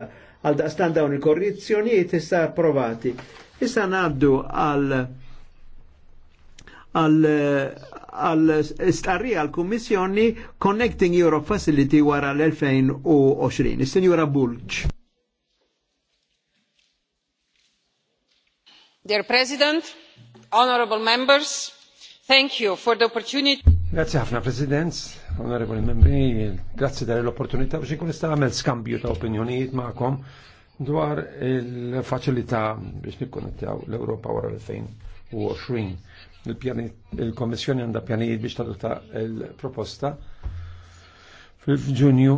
għal daqstan dawn il-korrizzjonijiet issa approvati. Issa naddu għal għal għal starrija għal kummissjoni Connecting Europe Facility wara l-2020. Signora senjura Dear President, honorable members, thank you for the opportunity. Grazie ħafna President, onorevoli membri, grazie dar l-opportunità biex ikun nista' għamel skambju ta' opinjonijiet magħkom dwar il-faċilità biex nikkonnettjaw l-Ewropa wara l-2020. Il-Kommissjoni għandha pjanijiet biex tadotta l-proposta fil-Ġunju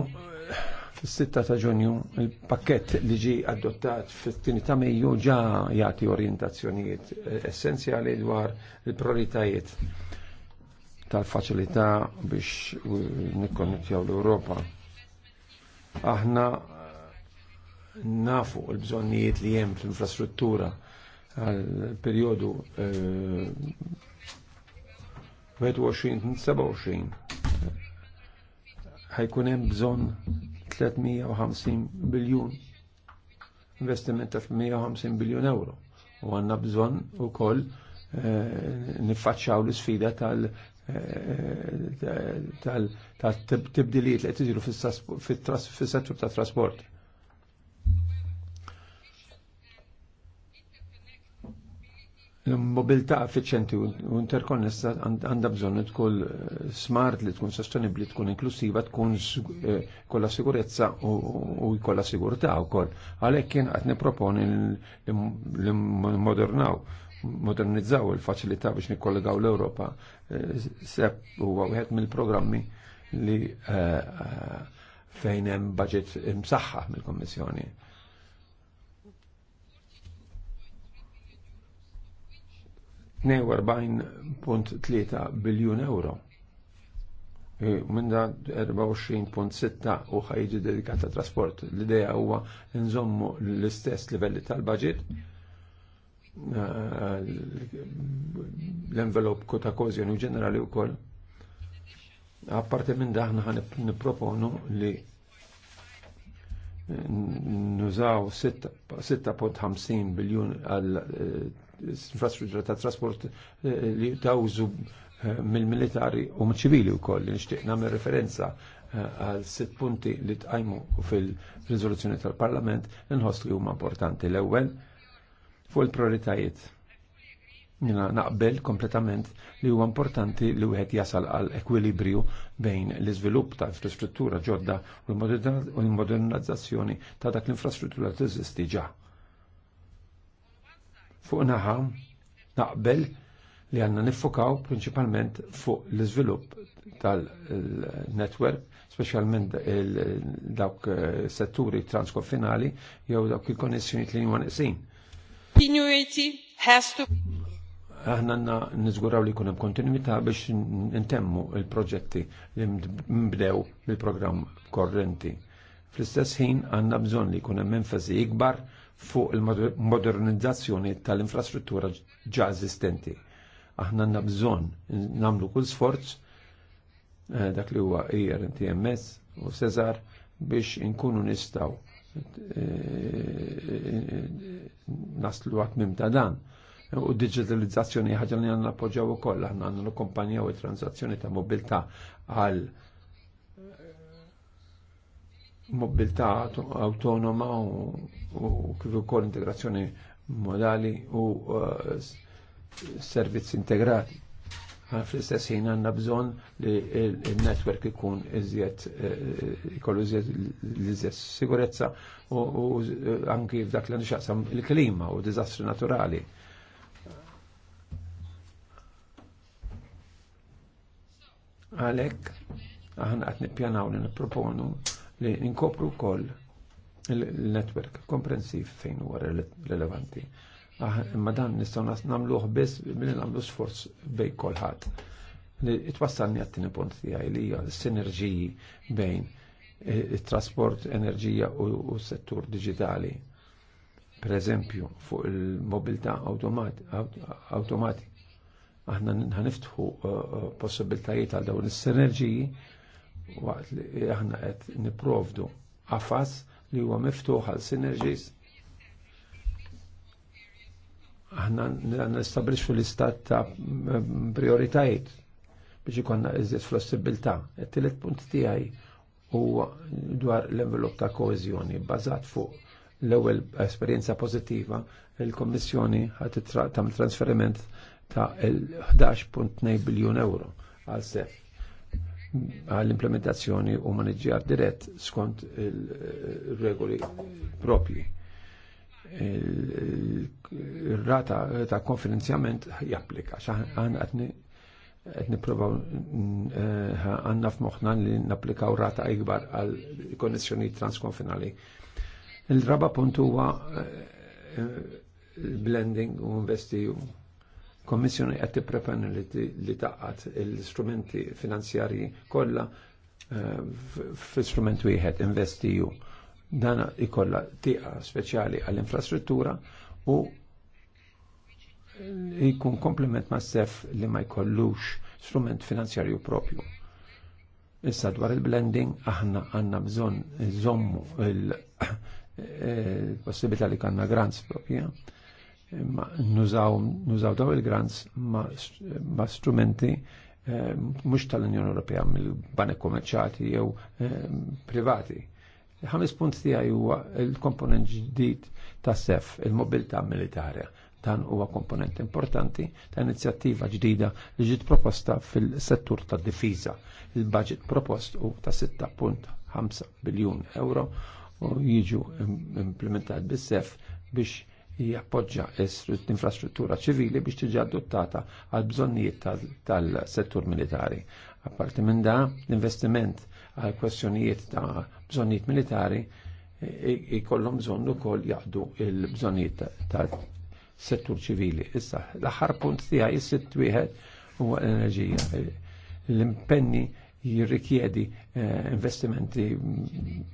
fis-6 ta' Ġunju il-pakkett li ġi adottat fit-tieni ta' Mejju ġa jagħti orientazzjonijiet eh, essenzjali dwar il-prioritajiet tal-faċilità biex nikkonnettjaw l-Europa. Aħna nafu l-bżonnijiet li jem fl-infrastruttura għal-periodu 21-27 eh, ħajkun hemm bżonn 350 biljun investiment ta' 150 biljun euro u għanna bżonn ukoll eh, nifacċaw l-sfida tal-tibdiliet li qed jiġru fis-settur trasport. L-mobilità effiċenti u interkonnessa għandha bżonn tkun smart li tkun sostenibbli, tkun inklusiva, tkun kolla sigurezza u sigurta sigurtà wkoll. Għalhekk kien qed proponi li modernaw modernizzaw il-faċilità biex nikkollegaw l-Europa. Eh, Sepp huwa wieħed mill-programmi li eh, fejn hemm budget imsaħħaħ mill-Kommissjoni. punt biljun euro. Eh, minn da 24.6 u ħajġi dedikata trasport. L-ideja huwa nżommu l-istess livelli tal-budget l-envelop kota kozjoni ġenerali u koll. Apparti minn daħna ħan niproponu li nużaw 6.50 biljun għal infrastruttura ta' trasport li tawżu mill-militari u ċivili u koll li nishtiq namel referenza għal sitt punti li tqajmu fil-rizoluzzjoni tal-Parlament nħoss li huma importanti l-ewwel fuq il-prioritajiet. Nina naqbel kompletament li huwa importanti li wieħed jasal għal ekwilibrju bejn l-iżvilupp ta' infrastruttura ġodda u l-modernizzazzjoni ta' dak l-infrastruttura tiżisti ġa. Fuq naħa naqbel li għanna niffokaw principalment fuq l-izvilupp tal-network, specialment dawk eh, setturi transkonfinali jew dawk il-konnessjoni li linjuan isin. Continuity has to aħna nizguraw li kunem kontinuità biex intemmu il-proġetti li mbdew bil-programm korrenti. Fl-istess ħin għanna bżon li kunem enfasi ikbar fuq il-modernizzazzjoni tal-infrastruttura ġa eżistenti. Aħna għanna bżon namlu kull sforz eh, dak li huwa IRTMS e u Cesar biex inkunu nistaw naslu għatmim ta' dan. U digitalizzazzjoni ħagġa li għanna koll, ukoll, aħna għandna kumpanija u transazzjoni ta' mobilità għal mobilità autonoma u kif ukoll integrazzjoni modali u uh, servizzi integrati fl-istess ħin għandna bżonn li il-netwerk ikun iżjed eh, ikollu iżjed iżjed sigurezza u eh, anki f'dak li nixaqsam il-klima u diżastri naturali. Għalhekk aħna qed nippjanaw li nipproponu li nkopru wkoll il-netwerk komprensiv fejn huwa relevanti. Rele Ah, imma dan nistgħu nagħmluh biss billi nagħmlu sforz bejn kolħadd. Itwassalni għat-tieni punt tiegħi li hija sinerġiji bejn e, it-trasport, enerġija u s-settur digitali. Per eżempju, fuq il-mobilità automatik, aħna ħaniftħu e, e, possibiltajiet għal dawn is-sinerġiji waqt li aħna qed nipprovdu qafas li huwa miftuħ għal sinerġis aħna nistabilixu l-istat ta' prioritajiet biex ikonna iżjed flossibilta. il tillet punt tiegħi huwa dwar l-envelop ta' koezjoni bazat fuq l-ewwel esperjenza pożittiva il-Kommissjoni għat tagħmel transferiment ta' 11.2 biljun euro għal sef għall-implementazzjoni u maniġġjar dirett skont il-regoli propji il-rata ta' konfinanzjament japplika. Eh, għan għet niprofaw għanna moħna li napplikaw rata ikbar għal konnessjoni transkonfinali. Il-raba puntu huwa eh, blending u investiju. Kommissjoni qed tipprepara li taqqat l-istrumenti finanzjarji kollha eh, f'istrument wieħed investiju Dan ikolla tiqa speċjali għall-infrastruttura u jkun komplement ma' sef li ma' jkollux strument finanzjarju propju. Issa dwar il-blending aħna għanna bżon zommu il-possibilità eh, li kanna grants propja ma nużaw, nużaw daw il-grants ma, strumenti eh, mux tal-Unjoni Ewropea mill-banek kommerċati jew eh, privati Ħames punt tiegħi huwa l-komponent ġdid ta' sef, il-mobilità militari. Dan huwa komponent importanti ta' inizjattiva ġdida li ġiet proposta fil-settur tad difiża. Il-budget propost u ta' 6.5 biljun euro u jiġu implementat bis-sef biex jappoġġa l-infrastruttura ċivili biex tiġi adottata għal bżonnijiet tal-settur militari. Apparti minn da, l-investiment għal kwestjonijiet ta' bżonnijiet militari jkollhom bżonn ukoll jaqdu il-bżonnijiet ta' settur ċivili. Issa, l-aħħar punt tiegħi is-sitt wieħed huwa l-enerġija. L-impenni jirrikjedi eh, investimenti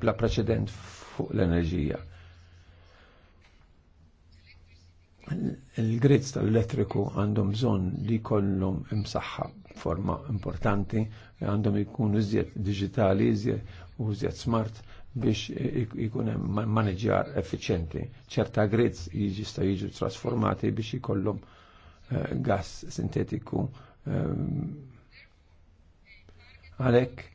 bla preċedent fuq l-enerġija il-grids tal-elettriku għandhom bżon li kollum imsaxħa forma importanti, għandhom ikun iżjed digitali, iżjed u iżjed smart biex ikun hemm maneġjar effiċjenti. ċerta grids jistgħu jiġu trasformati biex ikollhom eh, gas sintetiku ehm, għalhekk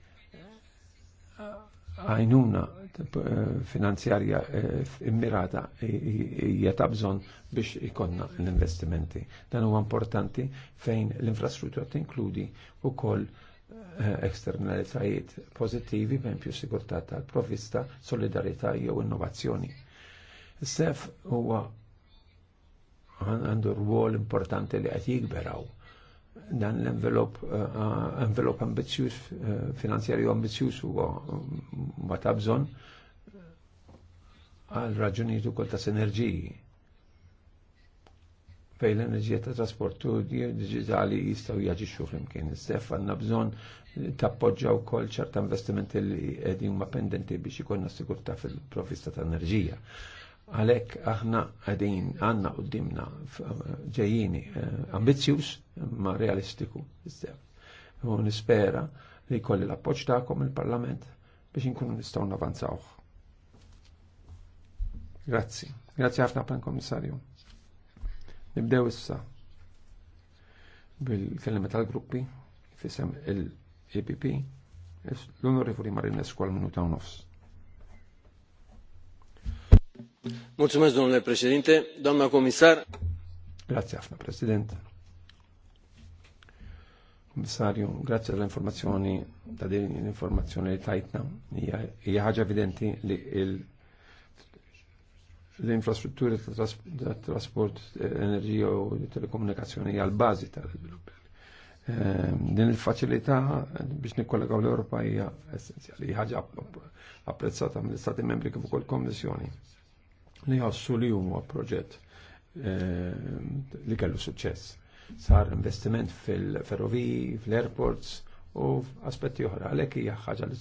għajnuna eh, finanzjarja eh, immirata eh, hija ta' bżonn biex ikonna l-investimenti. Dan huwa importanti fejn l-infrastruttura tinkludi wkoll eksternalizajiet pożittivi bejn più sigurtà tal-provista, solidarità jew innovazzjoni. Sef huwa għandu rwol importanti li qed jikberaw dan l-envelop uh, envelop ambizjuż uh, finanzjarju ambizjuż huwa mm, ma ta' bżonn għal raġunijiet ukoll ta' sinerġiji fej l-enerġija ta' trasportu digitali jistgħu jaġixxu flimkien is-sef għandna bżonn tappoġġaw ukoll ċerta investimenti li qegħdin huma pendenti biex ikollna sigurtà fil-provvista ta' enerġija għalek aħna għadin għanna u dimna ġejjini eh, ambizjus ma realistiku iżda. U nispera li kolli l-appoċ ta'kom il-parlament biex nkunu nistaw navanzawħ. Grazzi. Grazzi ħafna pan komissarju. Nibdew issa bil-kellima tal-gruppi fisem il-EPP l-onorevoli Marinesku għal-minuta u nofs. Mulțumesc, domnule președinte. Doamna comisar. Grazie, Afna, președinte. Komissarju, grazie dell-informazzjoni, ta' din l-informazzjoni e li già Hija ħaġa evidenti li l-infrastrutturi ta' trasport, enerġija u telekomunikazzjoni e al base bażi tal-iżvilupp. Din il-faċilità biex nikkollegaw l-Ewropa e hija apprezzata mill membri kif ukoll kommissjoni li jħossu li huwa proġett eh, li kellu suċċess. Sar investiment fil-ferroviji, fil-airports u aspetti oħra. Għalhekk hija ħaġa li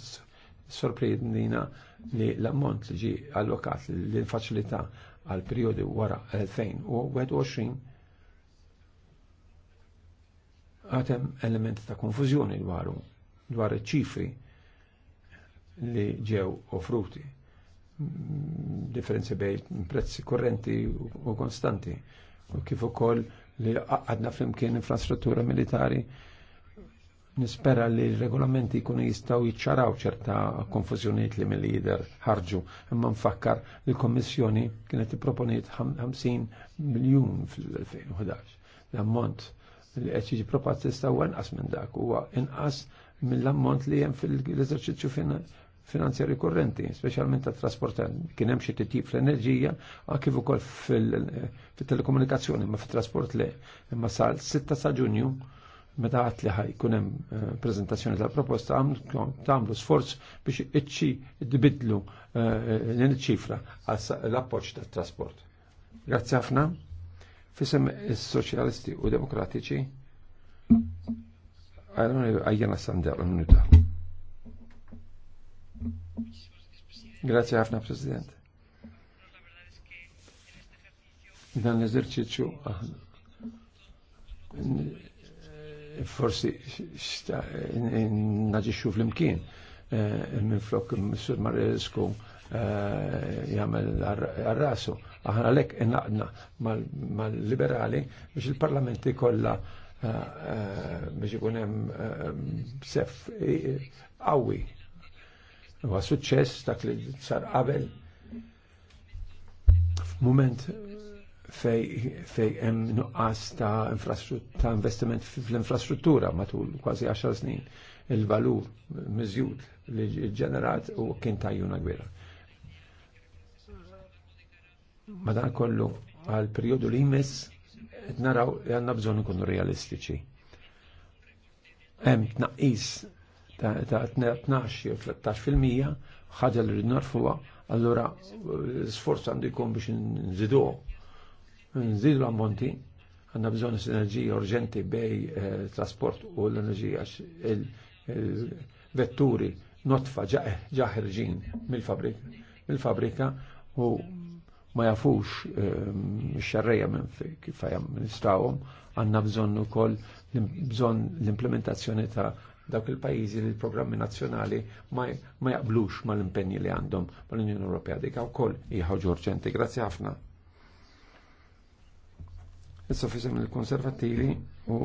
sorprendina li l-ammont li ġi allokat l-faċilità għal periodi wara 2021 għatem elementi ta' konfuzjoni dwaru dwar iċ-ċifri li ġew offruti differenzi bej prezzi korrenti u konstanti u kif ukoll li għadna flimkien infrastruttura militari nispera li l-regolamenti jkunu jistaw jiċċaraw ċerta konfuzjoniet li mill jider ħarġu. Imma nfakkar li l-Kommissjoni kienet proponiet 50 miljun fil-2011. L-ammont li qed jiġi proposta huwa inqas minn dak huwa inqas mill-ammont li hemm fil-eżerċizzju finanzjari kurrenti, specialment ta' trasport kien hemm xi titjib fl-enerġija, a kif ukoll fil-telekomunikazzjoni, ma fit-trasport le. Imma sal 6 sa' Ġunju meta qatt li ħajkun hemm eh, preżentazzjoni tal-proposta tagħmlu sforz biex iċċi dbidlu din eh, iċ-ċifra eh, l-appoġġ tat-trasport. Grazzi ħafna. Fisem is-Soċjalisti u Demokratiċi. Għajjana Sandel, minuta. Grazie ħafna, Presidente. Dan l-eżerċiċċju forsi naġiċu fl-imkien eh, minn flok Mr. Maresku eh, jgħamil għarrasu. Aħna lek naqna mal-liberali biex il-parlamenti kolla eh, biex ikun hemm sef qawwi U għas suċċess dak li sar qabel. F'mument fej fej hemm nuqqas ta' ta' investiment fl-infrastruttura matul kważi 10 snin il-valur miżjud li ġenerat u kien tajjuna kbira. Madan kollu għal periodu li jmiss naraw li għanna bżon ikunu realistiċi. Hemm tnaqqis ta' 12 jew 13 fil-mija ħaġa li rrid narfuha, allura eh, sforz għandu jkun biex nżidu. Nżidu l-ammonti, għandna bżonn sinerġija urġenti bej eh, trasport u l-enerġija il-vetturi notfa ġaħirġin mill-fabrika u ma jafux eh, xarreja minn kif jistawhom għandna bżonn ukoll bżonn l-implementazzjoni ta' dawk il pajizi li l-programmi nazjonali ma jaqblux ma l impenji li għandhom ma l unjoni Ewropea. Dik għaw kol jħoġu urġenti. Grazie għafna. il fisem il-konservativi u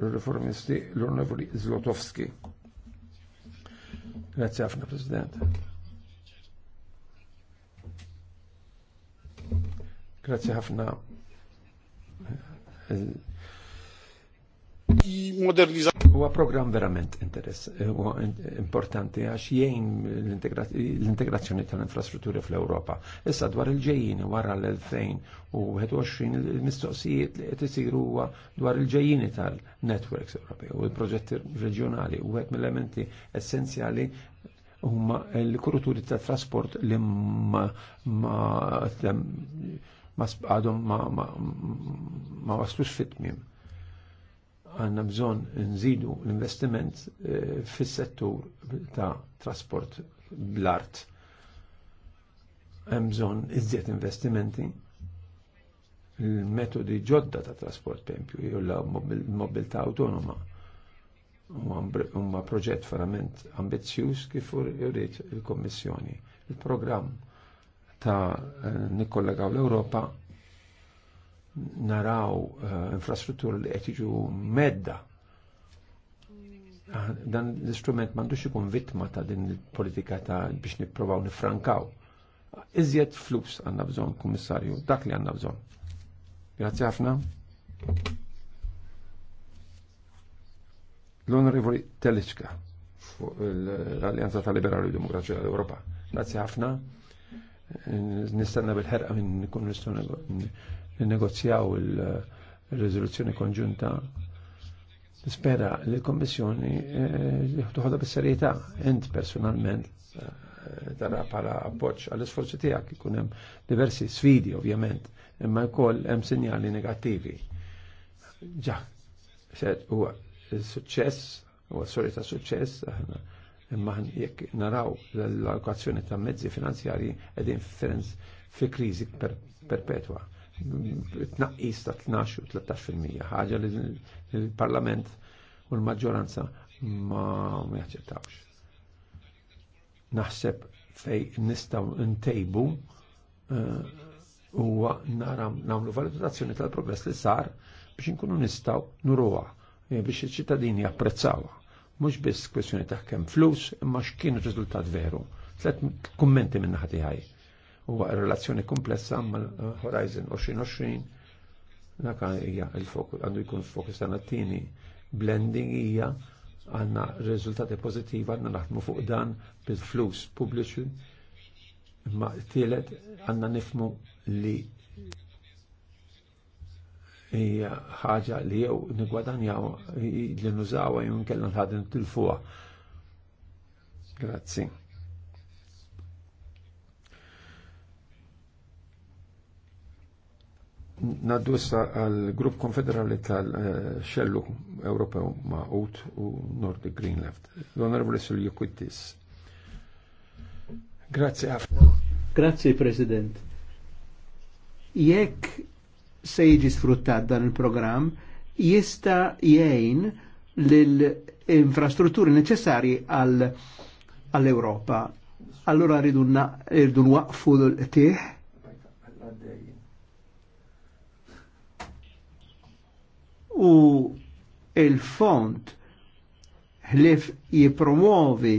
il-reformisti l-Onorevoli Zlotowski. Grazie għafna, President. Grazie ħafna Huwa program verament interess u importanti għax jgħin l-integrazzjoni tal-infrastrutturi fl europa Issa dwar il-ġejjin wara l-2021 il-mistoqsijiet li qed isiru huwa dwar il-ġejjini tal-networks Ewropej u l-proġetti reġjonali u għed mill-elementi essenzjali huma l-kuruturi ta' trasport li ma ma għadhom ma waslux fit-tmiem għanna bżon nżidu l-investiment eh, fis-settur ta' trasport bl-art. Hemm bżonn iżjed investimenti l-metodi ġodda ta' trasport pempju jew l mobilta autonoma huma proġett verament ambizzjuż kif jurid il-Kommissjoni. Il-programm ta' eh, nikollegaw l-Ewropa naraw eh, infrastruttur li qed jiġu medda. Ah, dan l-istrument m'għandux ikun vittma ta' din il-politika ta' biex nipprovaw nifrankaw. Iżjed flus għandna bżonn, kummissarju, dak li għandna bżonn. Grazzi ħafna. L-Onorevoli Teliċka fuq l-Alleanza tal-Liberali Demokratiċi l-Europa. Grazzi ħafna nistanna bil-ħerqa minn nkun nistgħu negozjaw il-riżoluzzjoni konġunta. Nispera li l-Kommissjoni eh, tuħodha bis-serjetà int personalment tara eh, bħala appoġġ għall-isforzi tiegħek ikun hemm diversi sfidi ovvjament, imma wkoll hemm sinjali negattivi. Ġa, huwa suċċess, huwa storja ta' suċċess, aħna imma jekk naraw l-allokazzjoni ta' mezzi finanzjarji edin fi krizi perpetwa. Tnaqqis ta' 12 u 13% ħaġa li l-Parlament u l-maġġoranza ma jaċċettawx. Naħseb fej nistaw ntejbu huwa eh, naram namlu valutazzjoni tal-progress li sar biex inkunu nistaw nuruwa eh, biex iċ-ċittadini apprezzawa mhux biss kwestjoni ta' kemm flus imma x'kien riżultat veru. Tlet kummenti minn naħa tiegħi. Huwa relazzjoni komplessa mal-Horizon 2020 dak hija il-fokus għandu jkun fokus ta' tieni blending hija għandna riżultati pożittivi għandna naħdmu fuq dan bil-flus pubbliċi imma tielet għandna nifmu li hija ħaġa li jew nigwadanjaw li nużawha jew nkella nħadem tilfuha. Grazzi. Naddu għal grupp konfederali tal-xellu Ewropew ma' Out u Nordic Green Left. L-Onorevole Silju Kuttis. Grazie ħafna. Grazie, President. Jekk se jiġi sfruttat dan il-programm jista' jgħin l-infrastrutturi neċessarji għall-Europa. Allora rridu nwaqfu l-tieħ u il-font ħlif jipromuovi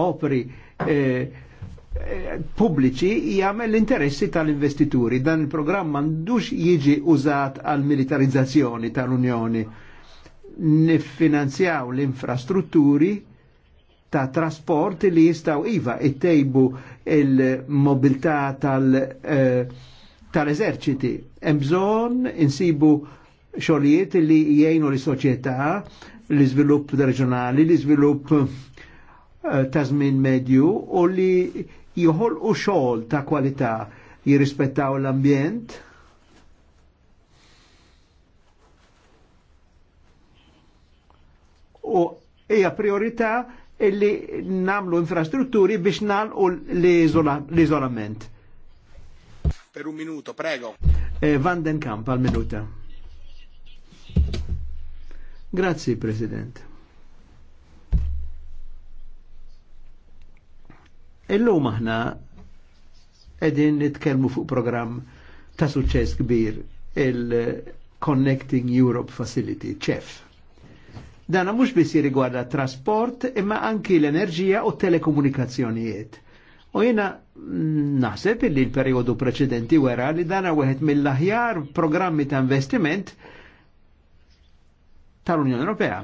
opri eh, pubbliċi jgħamil l-interessi tal-investituri. Dan il-programm mandux jiġi użat għal militarizzazzjoni tal-Unjoni. Niffinanzjaw l-infrastrutturi ta' trasport li jistaw iva ittejbu il-mobilità eh, tal-eżerċiti. Eh, Hemm insibu xogħlijiet li jgħinu li soċjetà l-iżvilupp reġjonali, l-iżvilupp eh, ta' medju u li joħol u xogħol ta' kwalità jirrispettaw l-ambjent. U hija priorità illi namlu infrastrutturi biex nalqu l-izolament. Per un minuto, prego. Eh, Van den Kamp al minuta. Grazie, Presidente. Illum aħna edin nitkellmu fuq program ta' suċċess kbir il-Connecting Europe Facility, ċef. Dana mux biss rigwarda trasport imma anki l-enerġija u telekomunikazzjonijiet. U jena naħseb li l-periodu preċedenti wera li dana wieħed mill-aħjar programmi ta' investiment tal-Unjoni Ewropea.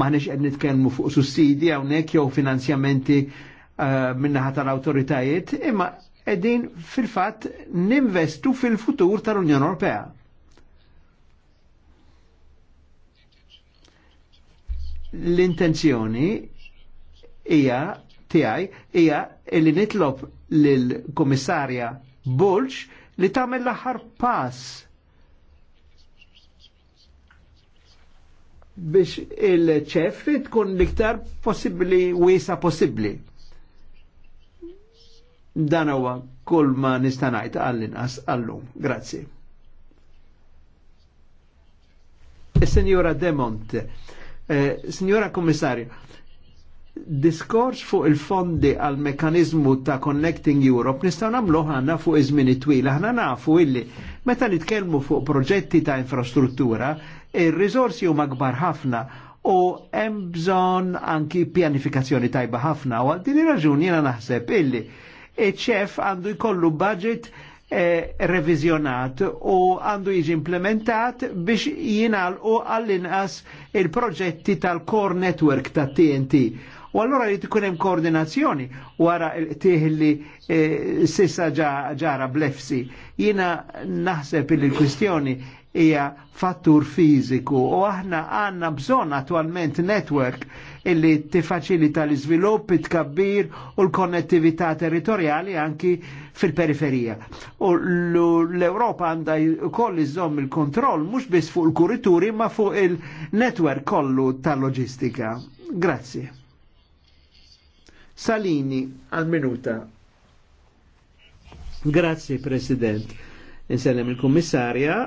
maħnex qed nitkellmu fuq sussidi hawnhekk jew finanzjamenti uh, minnaħa tal-awtoritajiet, imma qegħdin fil-fatt ninvestu fil-futur tal-Unjoni Ewropea. L-intenzjoni hija tiegħi hija li nitlob lill-Kummissarja Bulx li tagħmel l-aħħar pass biex il-ċef tkun liktar possibli, wisa possibli. Dan huwa kull ma nistanajt għall-inqas għallum. Grazzi. E, signora Demont, eh, Signora Kommissarju, diskors fuq il-fondi għal mekanizmu ta' Connecting Europe nistaw namlu ħanna fuq iż-żmien twila. Aħna nafu illi meta nitkellmu fuq proġetti ta' infrastruttura, il-rizorsi huma kbar ħafna u hemm bżonn anki pjanifikazzjoni tajba ħafna u għal din ir jiena naħseb illi iċ-ċef għandu jkollu budget eh, revizjonat u għandu jiġi implementat biex jinalqu għall-inqas il-proġetti tal-core network ta' TNT. U għallora li tkun hemm koordinazzjoni wara tieħli e, eh, sissa ġara blefsi. Jina naħseb il kwistjoni hija fattur fiżiku u aħna għandna bżonn attualment network illi tifaċilita l-iżvilupp, it-kabbir u l-konnettività territoriali anki fil-periferija. U l-Europa għandha koll iżomm il-kontroll mhux biss fuq il-kurituri ma fuq il network kollu tal-loġistika. Grazzi. Salini għal minuta. Grazzi President. Insellem il-Kummissarja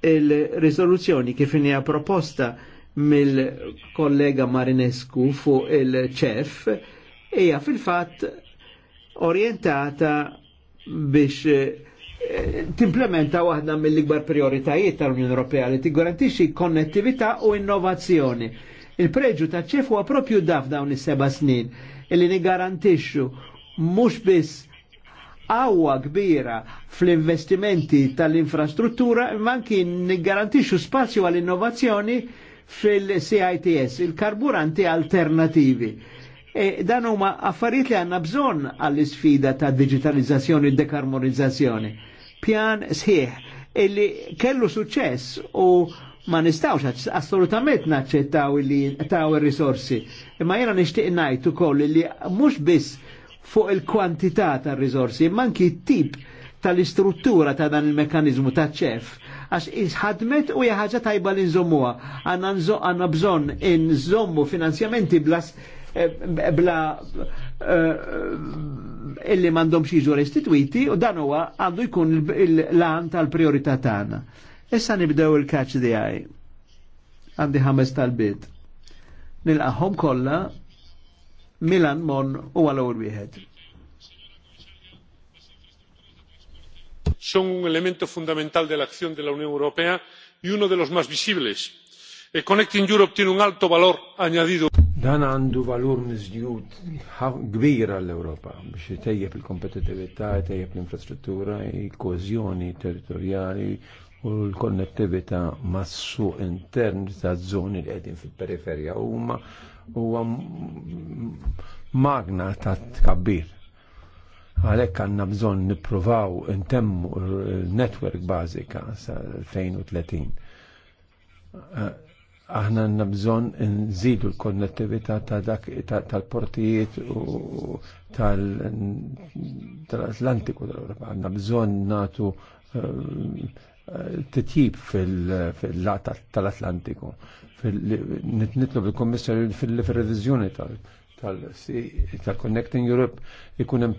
il-rizoluzzjoni kif hija proposta mill-kollega Marinescu fuq il-ċef hija fil-fatt orientata biex eh, timplementa waħda mill-ikbar prioritajiet tal-Unjoni Ewropea li tiggarantixxi konnettività u innovazzjoni. Il-preġu ta' ċef huwa propju daf dawn is-seba' snin illi nigarantixxu mhux biss għawa kbira fl-investimenti tal-infrastruttura ma anki garantixu spazju għall-innovazzjoni fil-CITS, il-karburanti alternativi. E dan huma affarijiet li għanna bżonn għall-isfida ta' digitalizzazzjoni u dekarmonizzazzjoni. Pjan sħiħ illi kellu suċess u ma nistawx assolutament naċċettaw il risorsi Imma jiena nixtieq ngħid koll li mhux biss fuq il-kwantità tar rizorsi, manki tip tal-istruttura ta' dan il-mekanizmu ta' ċef. Għax isħadmet u jaħġa tajba li nżommuha. Għanna bżon nżommu finanzjamenti blas bla eh, eh, illi mandom xieġu restituiti u dan huwa għandu jkun l-lan tal-priorità tagħna. Issa nibdew il-kaċ di għaj. Għandi ħames tal-bit. qahom kollha Milan Mon u għal-ewwel wieħed. Son un elemento fundamental de la acción de la Unión Europea y uno de los más visibles. E Connecting Europe tiene un alto valor añadido. Dan għandu valur miżjud kbir għall europa biex itejjeb il kompetitivita itejjeb l-infrastruttura, il-kozjoni territoriali u l konnettivita mas-suq intern ta' zoni li għedin fil-periferja u ma' huwa magna ta' tkabbir. Għalhekk għandna bżonn nippruvaw intemmu il-netwerk bazika sa 2030. Aħna għandna bżonn nżidu l-konnettività ta' dak tal-portijiet u tal-Atlantiku tal-Ewropa. bżonn natu titjib fil-lata tal-Atlantiku. Nitnitlu bil kommissarju fil-revizjoni tal-Connecting Europe ikunem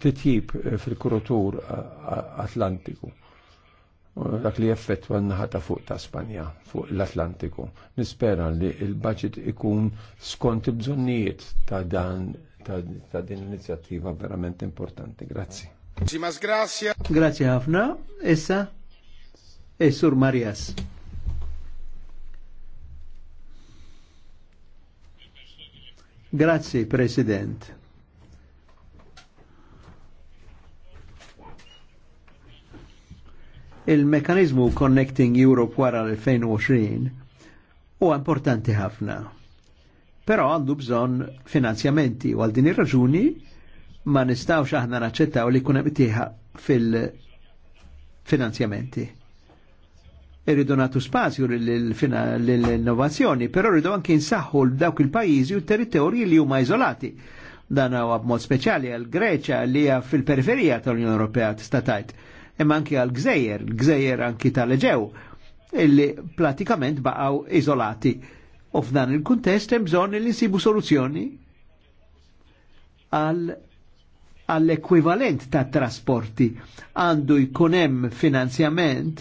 titjib fil-kurutur Atlantiku. Dak li effett għannaħata fuq ta' Spanja, fuq l-Atlantiku. Nispera li il-budget ikun skont il-bżonnijiet ta' dan ta' din l-inizjattiva verament importanti. Grazzi. Grazie ħafna. Issa E sur Marias. Grazie, President. Il-mekanizmu Connecting Europe wara l-2020 huwa importanti ħafna. Però għandu bżonn finanzjamenti u għal din ir-raġuni ma nistawx aħna naċċettaw li kun btieħa fil-finanzjamenti irridu natu spazju l-innovazzjoni, però rridu anki nsaħħu dawk il-pajjiżi u territorji li huma iżolati. Dan huwa b'mod speċjali għal Greċa li hija fil-periferija tal-Unjoni Ewropea t-statajt, imma anki għal Gżejjer, Gżejer anki tal-Eġew, illi pratikament baqgħu iżolati. U f'dan il-kuntest hemm bżonn li nsibu soluzzjoni għal għall-ekwivalent ta' trasporti għandu jkun hemm finanzjament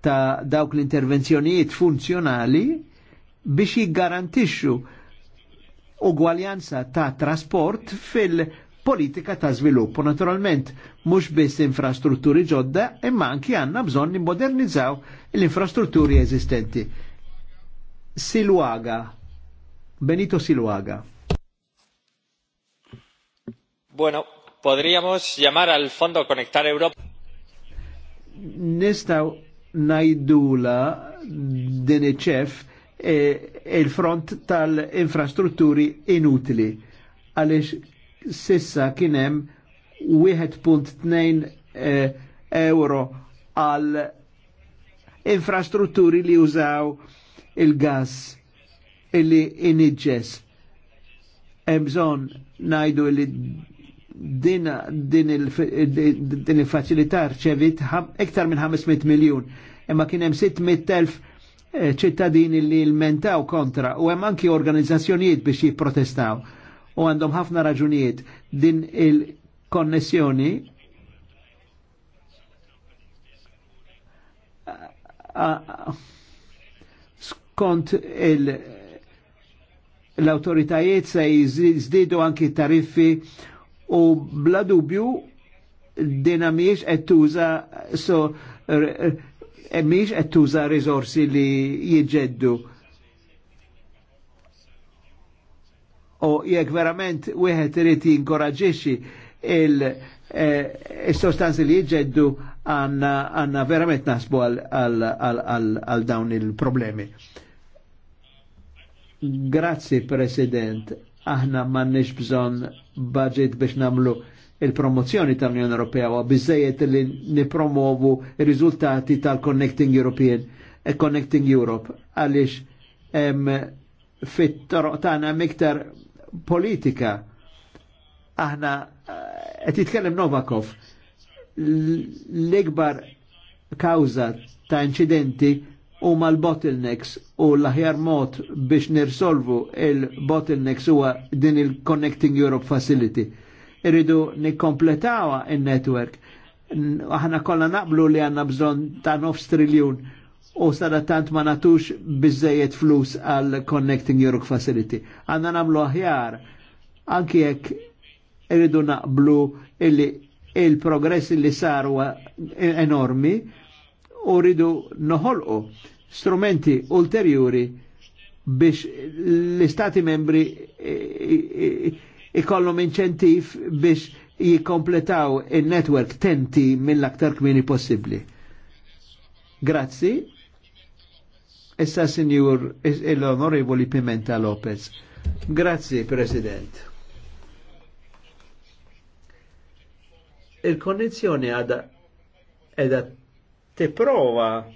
ta' dawk l-intervenzjonijiet funzjonali biex jiggarantixxu ugwaljanza ta' trasport fil-politika ta' sviluppu. Naturalment, mhux biss infrastrutturi ġodda, imma anki għandna bżonn nimmodernizzaw l-infrastrutturi eżistenti. Silwaga, Benito Silwaga. Bueno, podríamos llamar al Fondo Conectar Europa. Nistaw najdula din iċef e, il-front tal-infrastrutturi inutili għalix sissa kienem 1.2 e, euro għal infrastrutturi li użaw il-gas illi inidġes. Emżon najdu li din, din il-facilità il rċevit iktar minn 500 miljon, imma kien hemm 600.000 eh, ċittadini li l-mentaw kontra u hemm anki organizzazzjonijiet biex jipprotestaw u għandhom ħafna raġunijiet din il-konnessjoni skont il- l-autoritajiet se jizdidu anki tariffi u bla dubju dina miex qed so miex qed tuża eh, li jiġġeddu. U jekk verament wieħed irid jinkoraġġixxi il-sostanzi eh, li jiġġeddu għanna verament nasbu għal dawn il-problemi. Grazzi, President, aħna mannix bżon budget biex namlu il-promozzjoni tal-Unjoni Ewropea u bizzejiet li nipromovu il-riżultati tal-Connecting European e Connecting Europe għaliex fit-toroq tagħna miktar politika aħna eh, qed jitkellem Novakov l-ikbar kawza ta' incidenti u mal-bottlenecks u l-aħjar mod biex nirsolvu il-bottlenecks huwa din il-Connecting Europe Facility. Irridu nikkompletawa il-network. Aħna kollha naqblu li għanna bżon ta' nofs triljun u sada tant ma natux bizzejiet flus għal Connecting Europe Facility. Għanna namlu aħjar, anki jekk irridu naqblu illi il-progress li saru enormi u rridu noħolqu strumenti ulterjuri biex l-istati membri ikollhom inċentiv biex jikkompletaw il-network tenti mill-aktar kmini possibli. Grazzi. Issa Sinjur l-onorevoli Pimenta Lopez. Grazzi, President. Il-konnezzjoni għada edha tipprova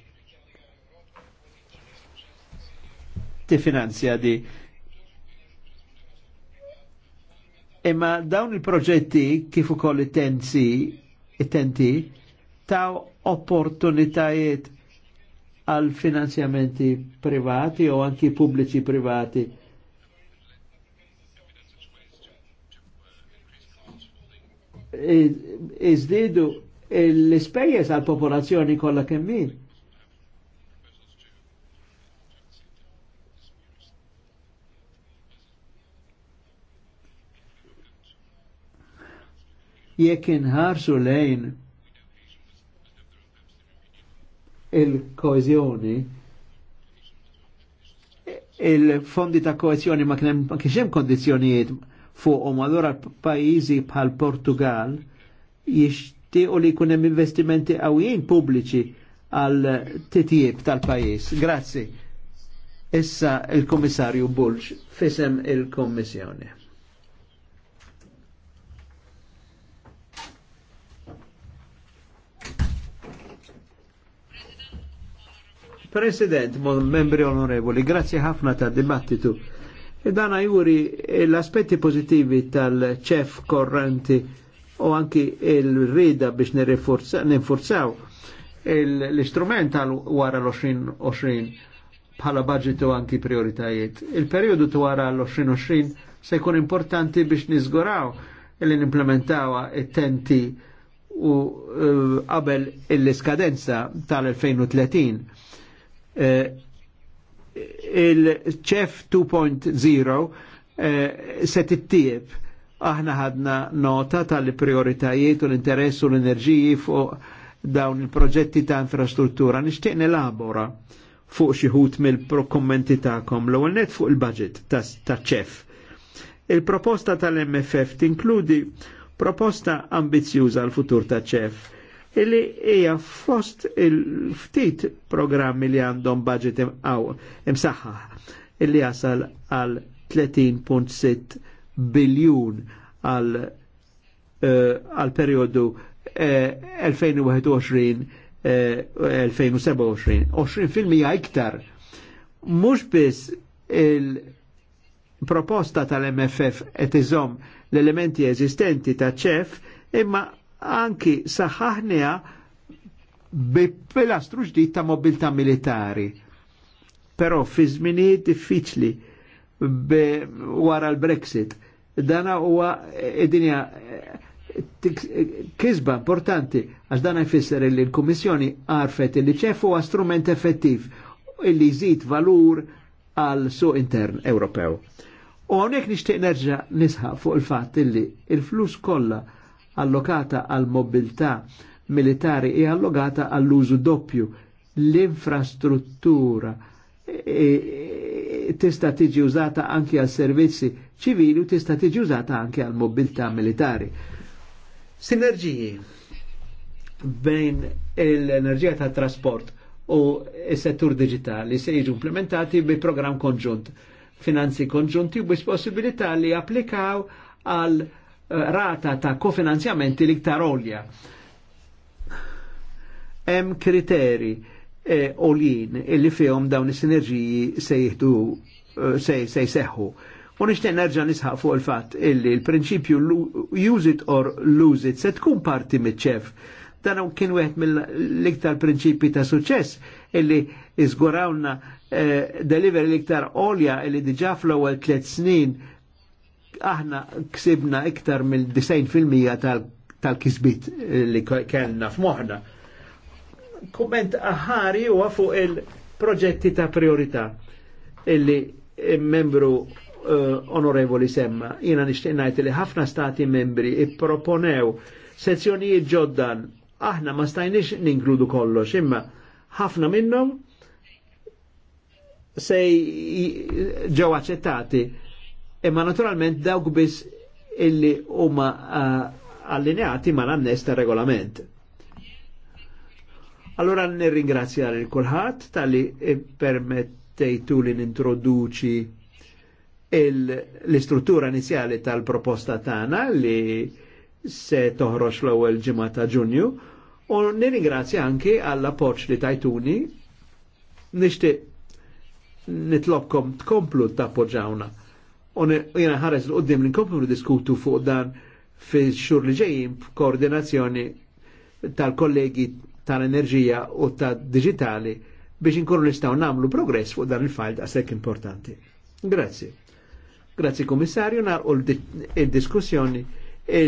tifinanzja di imma dawn il-proġetti kif ukoll it-tenzi it-tenti taw opportunitajiet għal finanzjamenti privati o anki pubbliċi privati. Iżdidu l-ispejjeż għal-popolazzjoni kollha kemm min. Jekk inħarsu lejn il-koezjoni, il-fondi ta' koezjoni ma kienx hemm kondizzjonijiet fuqhom allura pajizi bħal Portugal jiex u li kunem investimenti għawjien publiċi għal titjib tal-pajis. Grazzi. Issa il-Komissarju Bulġ fisem il-Kommissjoni. President, membri onorevoli, grazie ħafna ta' dibattitu. E dana juri l-aspetti pozitivi tal-ċef korrenti u anki il-rida biex ninforzaw l-istrument għal wara l-2020 bħala budget u anki prioritajiet. Il-periodu tu wara l-2020 se jkun importanti biex nizguraw li nimplementawa it-tenti u e, qabel l-iskadenza tal-2030. il cef 2.0 se tittieb aħna ħadna nota tal-prioritajiet u l-interess u l-enerġiji fuq dawn il-proġetti ta' infrastruttura. Nixtieq nelabora fuq xi ħut mill-kommenti tagħkom l-ewwel net fuq il-budget ta' ċef. Il-proposta tal-MFF tinkludi proposta ambizjuża għal futur ta' ċef illi hija fost il-ftit programmi li għandhom budget imsaħħa illi jasal għal 30.6 biljun għal eh, għal periodu 2021-2027, eh, 20% eh, iktar. Mux biss il-proposta tal-MFF et iżom l-elementi eżistenti ta' ċef, imma anki saħħaħnija bi pilastru ġdid ta' mobilta militari. Però fi żminijiet diffiċli wara l-Brexit. Dana huwa id-dinja eh, eh, eh, kisba importanti għax dana jfisser li l-Kummissjoni għarfet li ċef huwa strument effettiv illi jżid valur għal suq intern Ewropew. U għonek nishtiq nerġa nisħa fuq il-fatt illi il-flus kollha allokata għal mobilità militari e allogata all-użu doppju l-infrastruttura, tista tiġi użata anki għal servizzi ċivili u tista tiġi użata anki għal mobilità militari. Sinerġiji bejn l-enerġija tal trasport u s-settur digitali se jiġu implementati bi programm konġunt, finanzi konġunti u bis possibilità li applikaw għal eh, rata ta' kofinanzjamenti liktar olja. Hemm kriteri E, olin illi fihom dawn is-sinerġiji se jihdu e, se jseħħu. U nixtieq nerġa' nisħaq fuq il-fatt illi l-prinċipju use it or lose it se tkun parti miċ-ċef. Dan kien wieħed mill-iktar prinċipji ta' suċċess illi iżgurawna e, deliver l-iktar olja illi diġà fl-ewwel tliet snin aħna ksibna iktar mill-90% tal-kisbit li kellna f'moħħna. Kumment aħari huwa fuq il-proġetti ta' priorità illi membru uh, onorevoli semma. Jena nishtiq li ħafna stati membri i-proponew sezzjonijiet ġoddan aħna ma stajniex ninkludu kollox, imma ħafna minnhom se ġew aċċettati. Imma naturalment dawk biss illi huma uh, allineati ma l annesta regolament. Allora nirringrazzjare il kulħadd tal-li permettejtu li nintroduċi l-istruttura inizjali tal-proposta tana li se toħroġ l-ewwel ġimgħa ta' Ġunju u nirringrazzja anki għall appoġġ li tajtuni nixtieq nitlobkom tkomplu tappoġġawna. U jiena ħares l-qoddim li nkomplu diskutu fuq dan fil-xhur li ġejjin koordinazzjoni tal-kollegi tal-enerġija u tal digitali biex inkorru nistaw nagħmlu progress fuq dan il-fajl sekk importanti. Grazie. komissarju, Kummissarju, u l diskussjoni